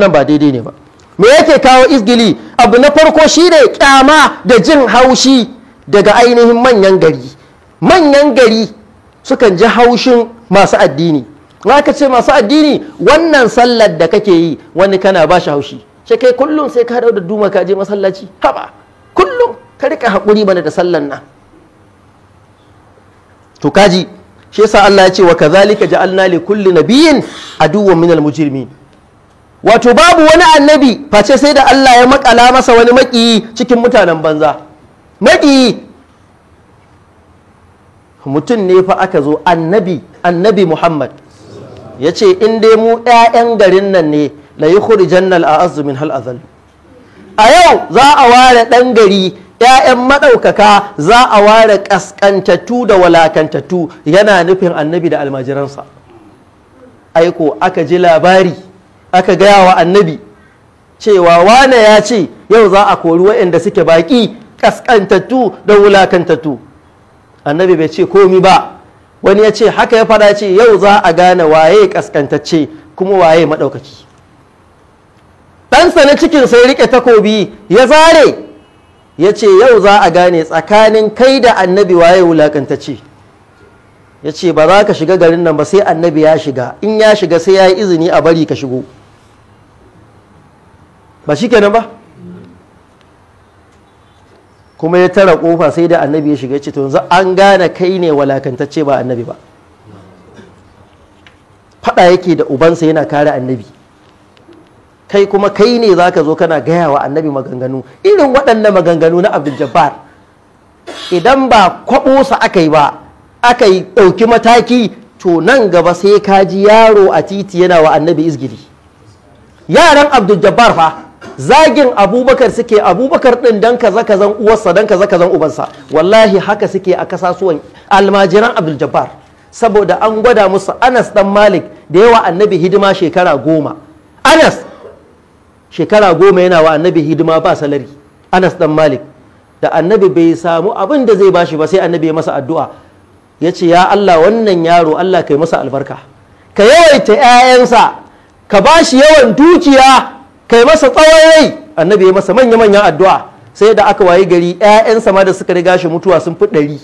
wannan ba daidai ne ba me yake kawo izgili abu na farko shi ne kyama da jin haushi daga ainihin manyan gari manyan gari sukan ji haushin masu addini ka ce masu addini wannan sallar da kake yi wani kana ba shi haushi sai kai kullum sai ka dauda duma ka je masallaci haba kullum ka rika haƙuri mana da sallar nan to kaji shi yasa Allah ya ce wa kazalika ja'alna li kulli nabiyyin aduwwan minal mujrimin wato babu wani annabi face sai da Allah ya makala masa wani maƙiyi cikin mutanen banza maƙiyi mutum ne fa aka zo annabi annabi Muhammad ya ce in dai mu 'ya'yan garin nan ne la yi jannal a azumin hal azal a yau za a ware ɗan gari 'ya'yan maɗaukaka za a ware ƙasƙantattu da walakantattu yana nufin annabi da almajiransa aiko aka ji labari aka gaya wa annabi cewa wane ya ce yau za a kori waɗanda suke baƙi ƙasƙantattu da wulakantattu annabi bai ce komi ba wani ya ce haka ya faɗa ce yau za a gane waye ƙasƙantacce kuma waye maɗaukaki ɗansa na cikin sai riƙe takobi ya zare ya ce yau za a gane tsakanin kai da annabi waye wulakantacce ya ce ba za ka shiga garin nan ba sai annabi ya shiga in ya shiga sai ya yi izini a bari ka shigo ba shi kenan ba kuma ya tara kofa sai da annabi ya shiga ce to yanzu an gane kai ne walakantacce ba annabi ba fada yake da ubansa yana kare annabi kai kuma kai ne za ka zo kana gaya wa annabi maganganu irin waɗannan maganganu na abdul idan ba sa aka yi ba aka yi ɗauki mataki to nan gaba sai ka ji yaro a titi yana wa annabi izgili yaran abdul jabbar fa zagin abubakar suke abubakar din dan kaza kazan uwarsa dan kaza kazan ubansa wallahi haka suke a kasasuwan almajiran abdul jabbar saboda an gwada musu anas dan malik da yawa annabi hidima shekara goma anas shekara goma yana wa annabi hidima ba salari anas dan malik da annabi bai samu abin da zai bashi ba sai annabi ya masa addu'a ya ce ya allah wannan yaro allah kai masa albarka ka yawaita 'ya'yansa ka bashi yawan dukiya kai masa tsawai annabi ya masa manya-manyan addu'a sai da aka waye gari 'ya'yansa ma da suka riga shi mutuwa sun fi ɗari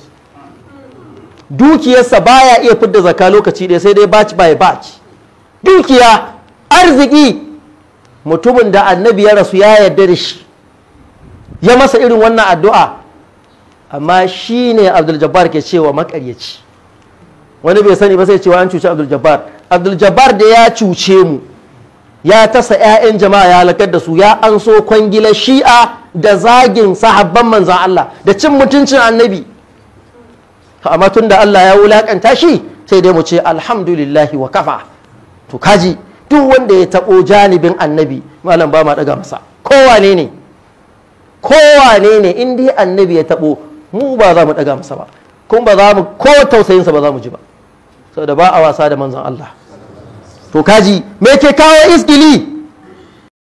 dukiyarsa baya iya fidda zaka lokaci ɗaya sai dai batch by batch dukiya arziki mutumin da annabi ya rasu ya yarda da shi ya masa irin wannan addu'a amma shi ne abdul jabbar ke cewa makaryaci wani bai sani ba sai cewa an cuci abdul jabbar abdul jabbar da ya cuce mu ya tasa 'ya'yan jama'a ya halakar da su ya an so kwangilar shi'a da zagin sahabban manzan Allah da cin mutuncin annabi amma tun da Allah ya wulakanta shi sai dai mu ce alhamdulillahi wa kafa to kaji duk wanda ya taɓo janibin annabi malam ba ma daga masa kowa ne kowa ne in dai annabi ya taɓo mu ba za mu daga masa ba kuma ba za mu ko tausayinsa ba za mu ji ba saboda ba a wasa da manzan Allah to kaji me ke kawo isgili